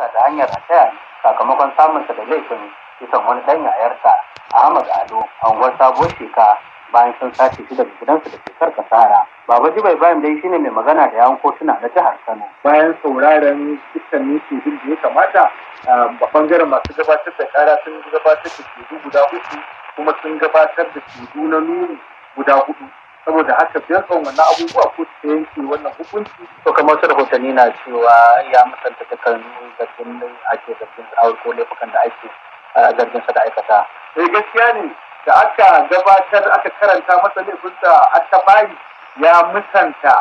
sa da hanyar ataya sakamakon samun samunsa da laifin kisan wani ɗan yayarsa Ahmad Ado a unguwar Sabo Sheka bayan sun sace shi daga gidansu da ke karka kasara. Baba Jibai bayan dai shine mai magana da yawon kotuna na jihar Kano. Bayan sauraron dukkanin shedun da ya kamata a bangaren ah, masu gabatar da kara sun gabatar da shedu guda uku kuma sun gabatar da shedu na nuni guda hudu. saboda haka biyar biyan wannan abubuwa ko ta yanke wannan hukunci to kamar su rahotanni na cewa ya musanta takardu zargin ake zargin tsawar ko laifukan da ake zargin sa da aikata sai eh, gaskiya ne da aka gabatar aka karanta masa laifinsa aka bayi ya musanta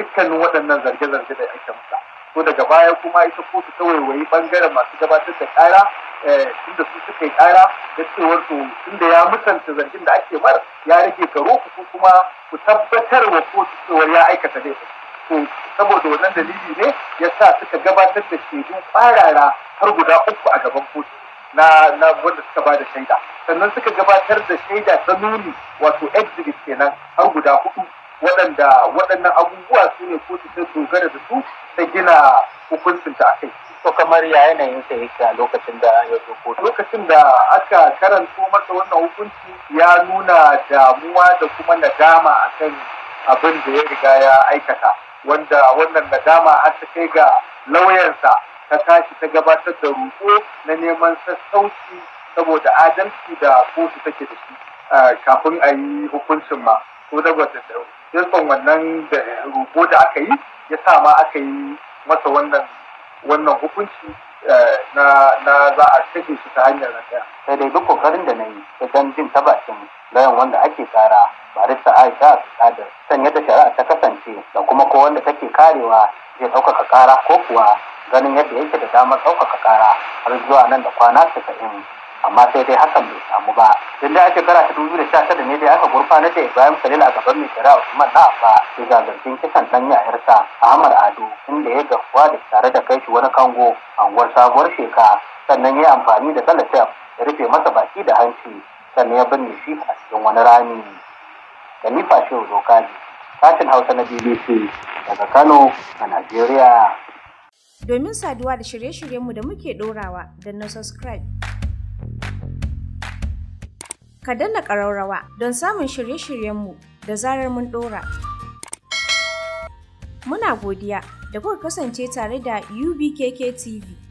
dukkanin waɗannan zarge-zarge da ake masa ko daga baya kuma ita kotu ta waiwayi ɓangaren masu gabatar da ƙara tunda eh, su suka yi ƙara da cewar to tunda ya musanta zargin da ake mar ya rage karo ku kuma ku tabbatar wa kotu cewar ya aikata laifin to saboda wannan dalili ne ya sa suka gabatar da shaidun kwarara har guda uku a gaban kotu na na wanda suka ba da shaida sannan suka gabatar da shaida ta nuni wato exhibit kenan har guda hudu waɗanda waɗannan abubuwa su ne kotu ta dogara da su ta gina hukuncin ta akai. To kamar ya yanayin sa yake a lokacin da ya zo kotu. Lokacin da aka karanto masa wannan hukunci ya nuna damuwa da kuma nadama akan abin da ya riga ya aikata wanda wannan nadama har ta kai ga lauyansa ta tashi ta gabatar da roƙo na neman sassauci saboda adalci da kotu take da shi eh, kafin a yi hukuncin ma. ko na gwatatau yasan wannan da roƙo da aka yi ya sa ma aka yi masa wannan hukunci eh, na za a kashe shi ta hanyar rafiya. sai dai duk kokarin da na yi ta dan jin ta bakin bayan wanda ake kara barista aisha tsada. sanya ta shari'a ta kasance da kuma ko wanda take karewa zai ɗaukaka kara ko kuwa ganin yadda yake da damar ɗaukaka kara har zuwa nan da kwana casa'in amma sai dai hakan bai samu ba tun da a shekara ta dubu da sha tara ne dai aka gurfana da ibrahim khalil a gaban mai shari'a usman na abba da zargin kisan ɗan yayarsa ahmad ado inda ya gafuwa da tare da kai shi wani kango a anguwar sabuwar sheka sannan ya amfani da talatef ya rufe masa baki da hanci sannan ya binne shi a cikin wani rami khalifa shehu zokali sashen hausa na bbc daga kano a najeriya domin saduwa da shirye-shiryenmu da muke ɗorawa da na subscribe ka danna ƙaraurawa don samun shirye-shiryenmu da zarar mun ɗora. Muna godiya da kuka kasance tare da UBKK TV.